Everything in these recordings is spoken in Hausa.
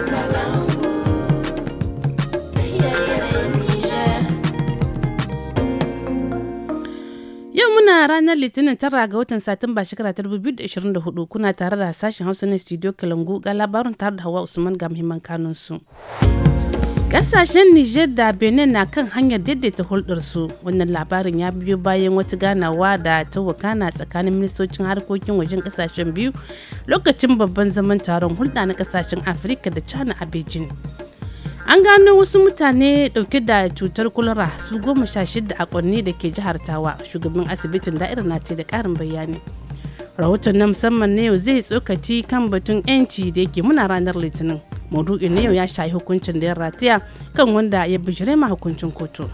Yau muna ranar Litinin tara ga watan Satumba shekara ta 2024 kuna tare da sashen Hausa na Studio Kalangu ga labarin tare da Hawa Usman ga muhimman kanunsu. Ƙasashen Nijar da Benin na kan hanyar daidaita hulɗarsu. Wannan labarin ya biyo bayan wata ganawa da ta wakana tsakanin ministocin harkokin wajen ƙasashen biyu lokacin babban zaman taron hulɗa na kasashen Afirka da China a Beijing. An gano wasu mutane dauke da cutar kulara su goma sha shida a kwanne da ke jihar Tawa. Shugaban asibitin da'ira na ce da karin bayani. Rahoton na musamman na yau zai tsokaci kan batun 'yanci da yake muna ranar Litinin. maudu'in na yau ya shayi hukuncin da ya rataya kan wanda ya bijire ma hukuncin kotu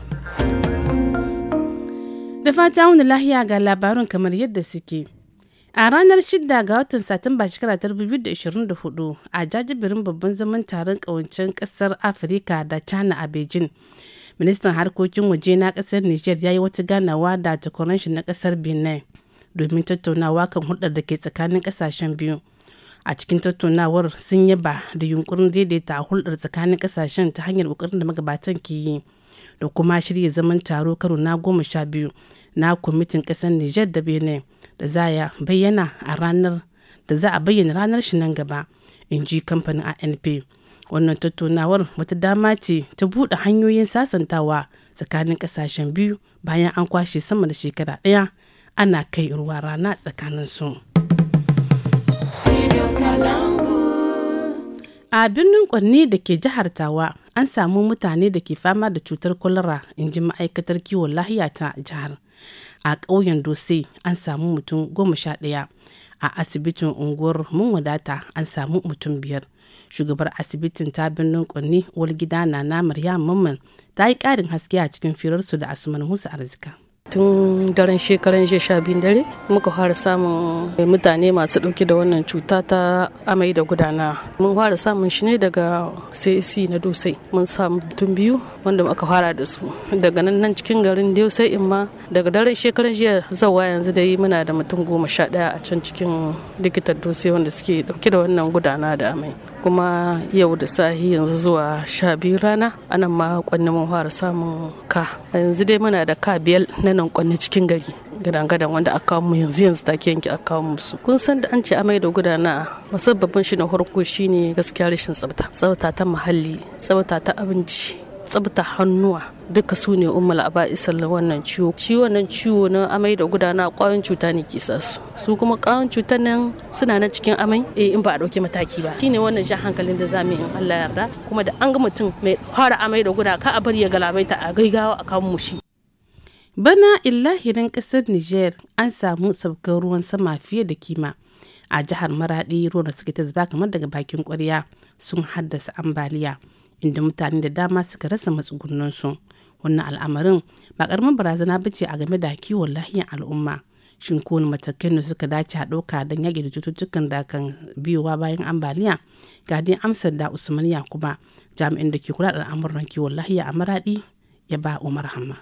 da fata wani lahiya ga labarin kamar yadda suke a ranar 6 ga watan satumba shekarar 2024 a jajibirin babban zaman taron kawancin kasar afirka da china a beijing ministan harkokin waje na kasar niger ya yi wata ganawa da shi na kasar benin domin tattaunawa kan hulɗar da ke tsakanin kasashen biyu a cikin tattaunawar sun yaba da yunkurin daidaita a hulɗar tsakanin ƙasashen ta hanyar ƙoƙarin da magabatan ke yi da kuma shirya zaman taro karo na goma sha biyu na kwamitin ƙasar Nijar da benin da za a bayyana a ranar da za a bayyana ranar shi nan gaba in ji kamfanin anp wannan tattaunawar wata dama ce ta buɗe hanyoyin sasantawa tsakanin ƙasashen biyu bayan an kwashe sama da shekara ɗaya ana kai ruwa rana tsakanin su. a birnin kwanne da ke jihar tawa an samu mutane da ke fama da cutar kwalara in ji ma'aikatar kiwon lahiya ta jihar a ƙauyen dose an samu mutum goma sha ɗaya a asibitin unguwar mun wadata an samu mutum biyar shugabar asibitin ta birnin kwanne wal gida na namar ya mamman ta yi ƙarin haske a cikin firarsu da asuman musu arzika tun daren shekaran jiya sha biyun dare muka fara samun mutane masu ɗauke da wannan cuta ta amai da gudana mun fara samun shi ne daga csc na dosai mun samu mutum biyu wanda muka fara da su daga nan nan cikin garin dosai in ma daga daren shekaran jiya zawa yanzu dai muna da mutum goma sha daya a can cikin likitar dosai wanda suke ɗauke da wannan gudana da amai kuma yau da sahi yanzu zuwa sha biyu rana anan ma kwanne mun fara samun ka yanzu dai muna da ka biyar na nan kwanne cikin gari gadan-gadan wanda aka kawo mu yanzu yanzu take yanki aka kawo musu kun san da an ce amai da gudana musabbabin shi na farko shine gaskiya rashin tsafta tsafta ta muhalli tsafta ta abinci tsabta hannuwa duka su ne umar aba'isar wannan ciwo ciwon nan ciwo na amai da gudana kwayoyin cuta ne ke su su kuma kwayoyin cuta nan suna nan cikin amai eh in ba a dauke mataki ba shine wannan shan hankalin da zamu in Allah yarda kuma da an ga mutum mai fara amai da guda ka a bari ya galabaita a gaigawa a kawo mushi Bana illahirin ƙasar Niger an samu sabgar ruwan sama fiye da kima. A jihar Maradi ruwan da suke ta zuba kamar daga bakin ƙwarya sun haddasa ambaliya inda mutane da dama suka rasa matsugunansu. Wannan al'amarin ba karamin barazana ba ce a game da kiwon lahiyar al'umma. Shin ko wani matakan da suka dace a ɗauka don yaƙi da cututtukan da kan biyowa bayan ambaliya? Ga dai amsar da Usman Yakuba jami'in da ke kula da al'amuran kiwon lahiya a Maradi ya ba Umar Hamma.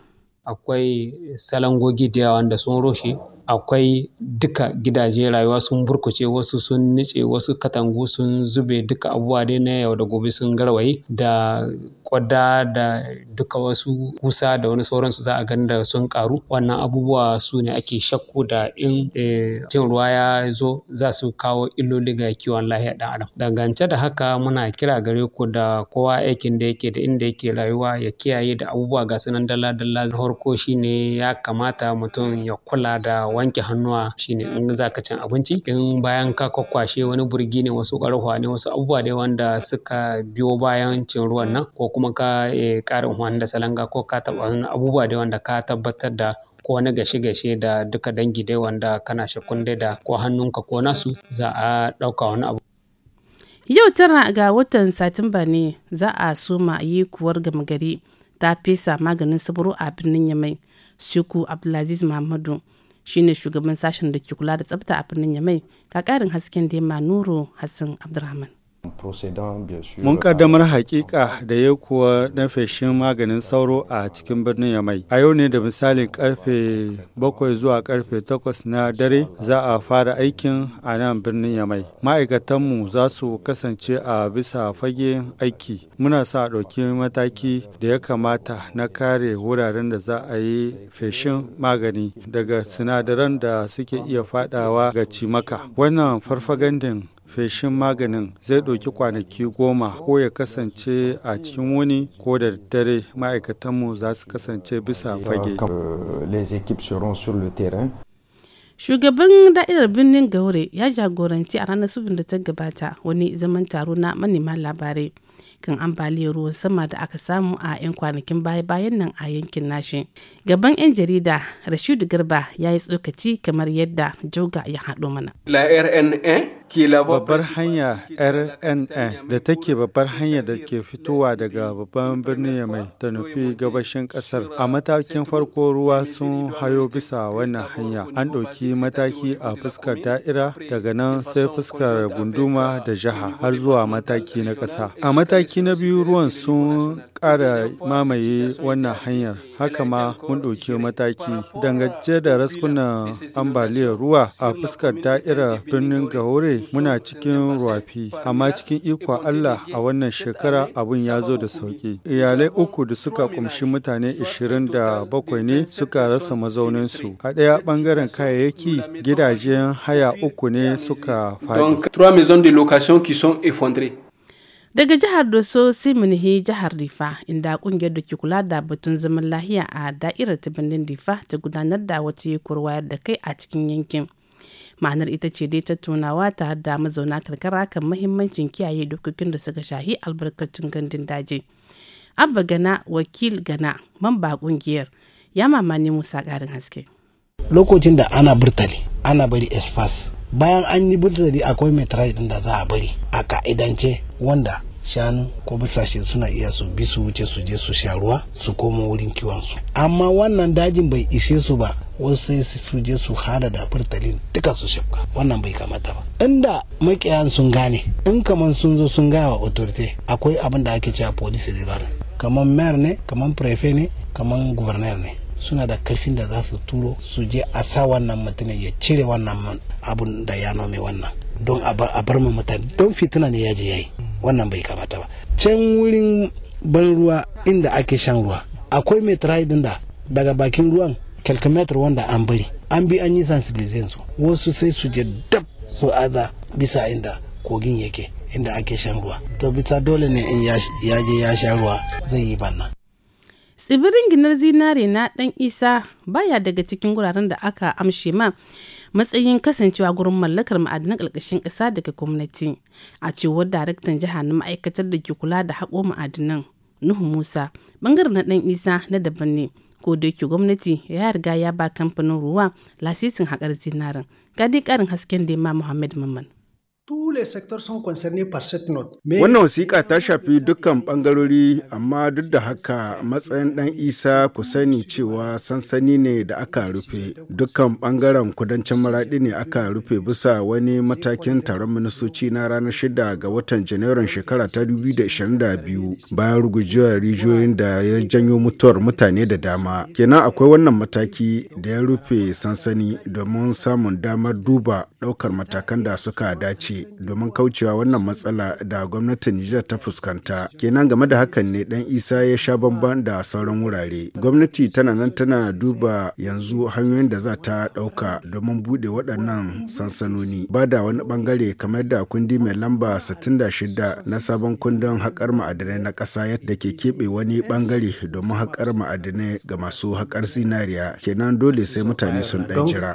akwai salangogi da yawa wanda sun rushe akwai duka gidaje rayuwa sun burkuce wasu sun nice wasu katangu sun zube duka abubuwa dai na yau da gobe sun garwaye da kwada da duka wasu kusa da wani sauransu za a gani da sun karu wannan abubuwa su ne ake shakku da in eh, cin ruwa ya zo za su kawo illoli ga kiwon lafiya dan adam dangance da haka muna kira gare ku da kowa aikin da yake da inda yake rayuwa ya kiyaye da abubuwa ga sunan dala dala farko shine ya kamata mutum ya kula da wanke hannuwa shine in za ka cin abinci in bayan ka kwakwashe wani burgi ne wasu ƙarhuwa ne wasu abubuwa ne wanda suka biyo bayan cin ruwan nan ko kuma ka eh, ƙarin wani da salanga ko ka taɓa wani abubuwa ne wanda ka tabbatar da ko wani gashe-gashe da duka dangi dai wanda kana shakkun dai da ko hannunka ko nasu za a ɗauka wani abu yau tara ga watan satumba ne za a suma yi kuwar gama gari ta fesa maganin saburo a birnin yamai suku abdulaziz muhammadu shine shugaban sashen da ke kula da tsafta a birnin yamai ga ƙarin hasken da nuro hassan abdulrahman Mun kaddamar ah, hakika da ya kuwa na feshin maganin sauro a cikin birnin Yamai. A yau ne da misalin karfe 7 zuwa karfe 8 na dare za a fara aikin a nan birnin Yamai. Ma'aikatanmu za su kasance a bisa fage aiki. Muna sa ɗauki mataki da ya kamata na kare wuraren da za a yi feshin magani daga sinadaran da suke iya fadawa ga cimaka. Wannan farfagandin feshin maganin zai ɗauki kwanaki goma ko ya kasance a cikin wuni ko da dare ma'aikatanmu za su kasance bisa fage. Euh, Shugaban da'irar birnin Gaure ya jagoranci a ranar subin da ta gabata wani zaman taro na manema labarai kan ambaliyar ruwan sama da aka samu a 'yan kwanakin baya-bayan nan a yankin nashi. Gaban 'yan jarida Rashidu Garba ya yi tsokaci kamar yadda Joga ya haɗo mana. La RNA babbar hanya rnn da take babbar hanya da ke fitowa daga babban birnin yamai ta nufi gabashin ƙasar, a matakin farko ruwa sun hayo bisa wannan hanya an ɗauki mataki a fuskar da'ira daga nan sai fuskar gunduma da jiha har zuwa mataki na ƙasa a mataki na biyu ruwan sun ƙara mamaye wannan hanyar haka ma mun ɗauki mataki dangance da raskunan ambaliyar ruwa a fuskar da'irar birnin gahore. muna cikin ruwafi, amma cikin ikon Allah a wannan shekara abun ya zo da sauki. Iyalai uku da suka kumshi mutane 27 ne suka rasa mazauninsu. A ɗaya ɓangaren kayayyaki gidajen haya uku ne suka faɗi. Daga jihar Doso Siminhi jihar Rifa inda kungiyar da ke kula da batun zaman lahiya a da'irar ta birnin Rifa ta gudanar da wata kurwayar da kai a cikin yankin. ma'anar ita ce dai tattaunawa ta da mazauna karkara kan mahimmancin kiyaye dokokin da suka shahi albarkatun gandun daji abba gana wakil gana mamba kungiyar ya mamani musa karin haske lokacin da ana burtali ana bari esfas bayan an yi burtali akwai metraj din da za a bari a ka'idance wanda shanu ko bisashe suna iya su bi su wuce su je su sha ruwa su koma wurin kiwon su amma wannan dajin bai ishe su ba wasu sai su je su hada da furtalin duka su shafka wannan bai kamata ba inda makiyan sun gane in kaman sun zo sun gaya wa autorite akwai abin da ake cewa police department kaman mayor ne kaman prefect ne kaman governor ne suna da karfin da za su turo su je a sa wannan mutumin ya cire wannan abun da ya nome wannan don a bar mu mutane don fitina ne ya je yayi wannan bai kamata ba can wurin ban ruwa inda ake shan ruwa akwai mai din da daga bakin ruwan kalkametar wanda an bari an bi an yi sensibilizin su wasu sai su je dab su aza bisa inda kogin yake inda ake shan ruwa to bisa dole ne in ya je ya sha ruwa zai yi banna tsibirin ginar zinare na dan isa baya daga cikin guraren da aka amshe ma matsayin kasancewa gurin mallakar ma'adinan ƙarƙashin ƙasa daga gwamnati a cewar daraktan jiha na ma'aikatar da ke kula da haƙo ma'adinan nuhu musa bangaren na dan isa na daban ne ko da yake gwamnati ya riga ya ba kamfanin ruwa lasisin haƙar zinarin ga dai ƙarin hasken da ma muhammad mamman tule sun Wannan wasiƙa ta shafi dukkan ɓangarori amma duk da haka matsayin ɗan Isa ku sani cewa sansani ne da aka rufe. Dukkan ɓangaren kudancin maraɗi ne aka rufe bisa wani matakin taron ministoci na ranar shida ga watan Janairun shekara ta 2022 bayan rugujewa rijiyoyin da ya janyo mutuwar mutane da dama. Kenan akwai wannan mataki da ya rufe sansani domin samun damar duba ɗaukar matakan da suka dace. shi domin kaucewa wannan matsala da gwamnatin Nijar ta fuskanta. Kenan game da hakan ne dan Isa ya sha bamban da sauran wurare. Gwamnati tana nan tana duba yanzu hanyoyin da za ta ɗauka domin buɗe waɗannan sansanoni. Ba da wani bangare kamar da kundi mai lamba 66 na sabon kundin haƙar ma'adanai na ƙasa yadda ke keɓe wani bangare domin haƙar ma'adanai ga masu haƙar zinariya. Kenan dole sai mutane sun ɗan jira.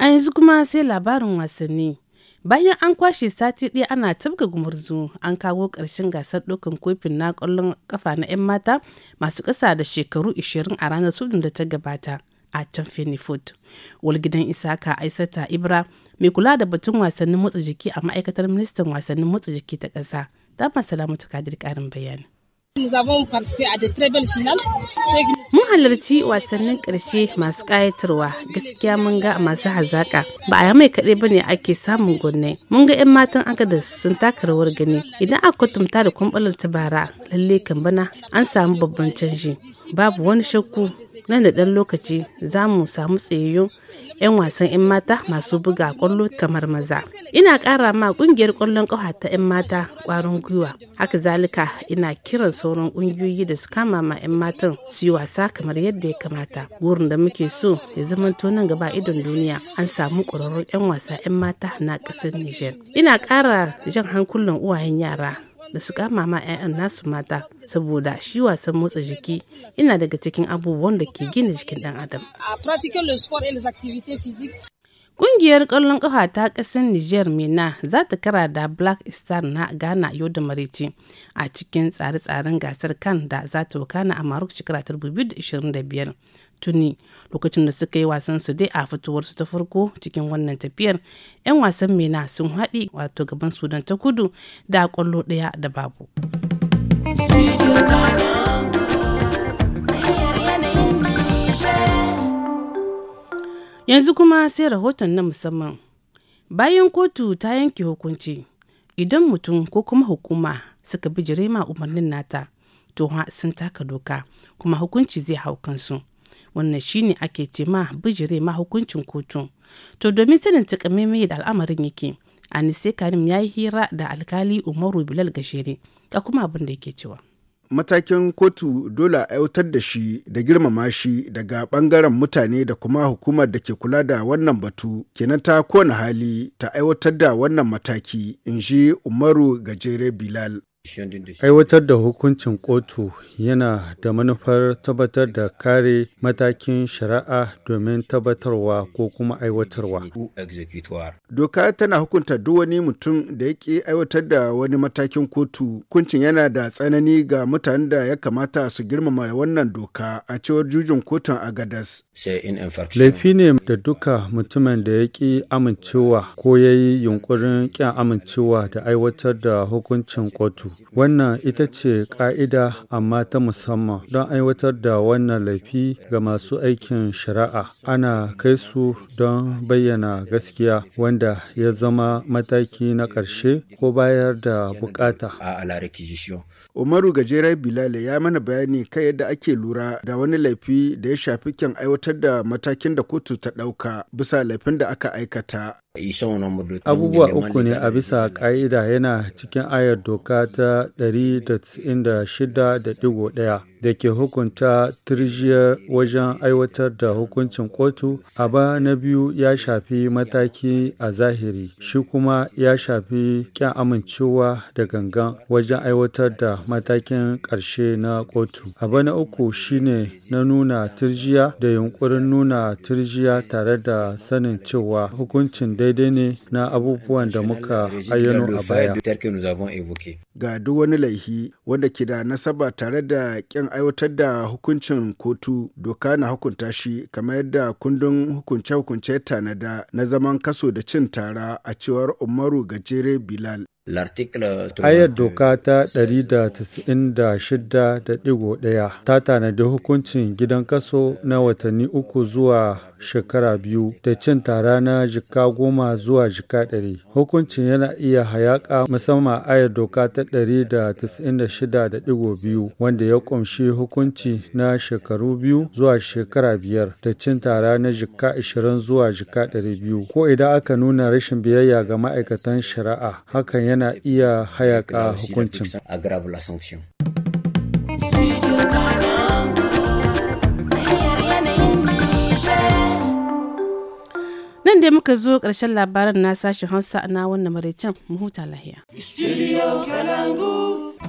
A yanzu kuma sai labarin wasanni. Bayan an kwashe sati ɗaya ana tabga gumurzu an kawo ƙarshen gasar ɗaukan kofin na ƙwallon ƙafa na 'yan mata masu ƙasa da shekaru 20 a ranar sudun da ta gabata a can Fenifood. Walgidan Isaka Aisata Ibra mai kula da batun wasannin motsa jiki a ma'aikatar ministan wasannin motsa jiki ta ƙasa. Dama Salamatu Kadir ƙarin bayani. Mun halarci wasannin ƙarshe masu ƙayatarwa gaskiya mun ga masu hazaƙa ba a mai kaɗai ba ne ake samun gwanne. Mun ga 'yan matan agadas sun taka rawar gani idan aka kwatanta da ta bara lalle kan bana an samu babban canji babu wani shakku nan da ɗan lokaci za mu samu tsayayyun 'yan wasan 'yan mata masu buga kwallo kamar maza. Ina ƙara ma ƙungiyar ƙwallon ƙafa ta 'yan mata ƙwarin gwiwa. Haka zalika ina kiran sauran ƙungiyoyi da su kama ma 'yan matan su yi wasa kamar yadda ya kamata. Wurin da muke so ya zama nan gaba idon duniya an samu ƙwararrun 'yan wasa 'yan mata na ƙasar Nijar. Ina ƙara jan hankulan uwayen yara da su kama ma 'ya'yan nasu mata saboda shi wasan motsa jiki yana daga cikin abubuwan da ke gina jikin dan adam kungiyar ƙwallon ƙafa ta ƙasar niger Mena za ta kara da Black Star na Ghana yau da Marici a cikin tsare-tsaren gasar kan da za ta wakana a Marok shekara 2025. tuni lokacin da suka yi wasan su dai a fitowar su ta farko cikin wannan tafiyar yan wasan mena sun haɗi wato gaban sudan ta kudu da kwallo ɗaya da babu yanzu kuma sai rahoton na musamman bayan kotu ta yanke hukunci idan mutum ko kuma hukuma suka bi jirema umarnin nata to sun taka doka kuma hukunci zai hau kansu wannan shine ake ce ma bijire ma hukuncin kotu to domin sanin takamaimai da al'amarin yake anise karim ya yi hira da alkali umaru bilal gashere ga kuma abin da yake cewa matakin kotu dole a aiwatar da shi da girmama shi daga bangaren mutane da kuma hukumar da ke kula da wannan batu kenan ta kowane hali ta aiwatar da wannan mataki in ji umaru gajere bilal Aiwatar da hukuncin kotu yana da manufar tabbatar da kare matakin shari'a domin tabbatarwa ko kuma aiwatarwa. Doka tana hukunta duk wani mutum da ya ke aiwatar da wani matakin kotu. Hukuncin yana da tsanani ga mutanen da ya kamata su girmama wannan doka a cewar jujin kotun Agadas. Laifi ne da duka mutumin da ya ki amincewa ko ya yi yunƙurin ƙin amincewa da aiwatar da hukuncin kotu. Wannan ita ce ƙa'ida amma ta musamman don aiwatar da wannan laifi ga masu aikin shari'a. Ana kai su don bayyana gaskiya wanda ya zama mataki na ƙarshe ko bayar da bukata. Umaru Gajeren Bilal ya mana bayani kan yadda ake lura da wani laifi da ya shafi kyan aiwatar da matakin da kotu ta ɗauka bisa laifin da aka aikata. Abubuwa uku ne a bisa ƙa'ida yana cikin ayar doka ta ta 196.1 da ke hukunta tirjiya wajen aiwatar da hukuncin kotu aba na biyu ya shafi mataki a zahiri shi kuma ya shafi kyan amincewa da gangan wajen aiwatar da matakin ƙarshe na kotu aba na uku shine na nuna tirjiya, da yunkurin nuna tirjiya tare da sanin cewa hukuncin daidai ne na abubuwan da muka ayyano a baya ga duk wani laihi wanda ke da nasaba tare da kyan aiwatar da hukuncin kotu doka na hukunta shi kamar yadda kundin hukunce-hukunce tanada na zaman kaso da cin tara a cewar umaru gajere bilal Ayar doka ta 196.1 ta tanadi hukuncin gidan kaso na watanni uku zuwa shekara biyu da cin tara na jika goma zuwa jika ɗari. Hukuncin yana iya hayaƙa musamman ayar doka ta 196.2 wanda ya ƙunshi hukunci na shekaru biyu zuwa shekara biyar da cin tara na jika 20 zuwa jika 200 ko idan aka nuna rashin biyayya ga ma'aikatan shari'a hakan yana yana iya hayaka hukuncin. Nan dai muka zo ƙarshen labaran na sashen Hausa na wannan maraicin mu huta lahiya. Studio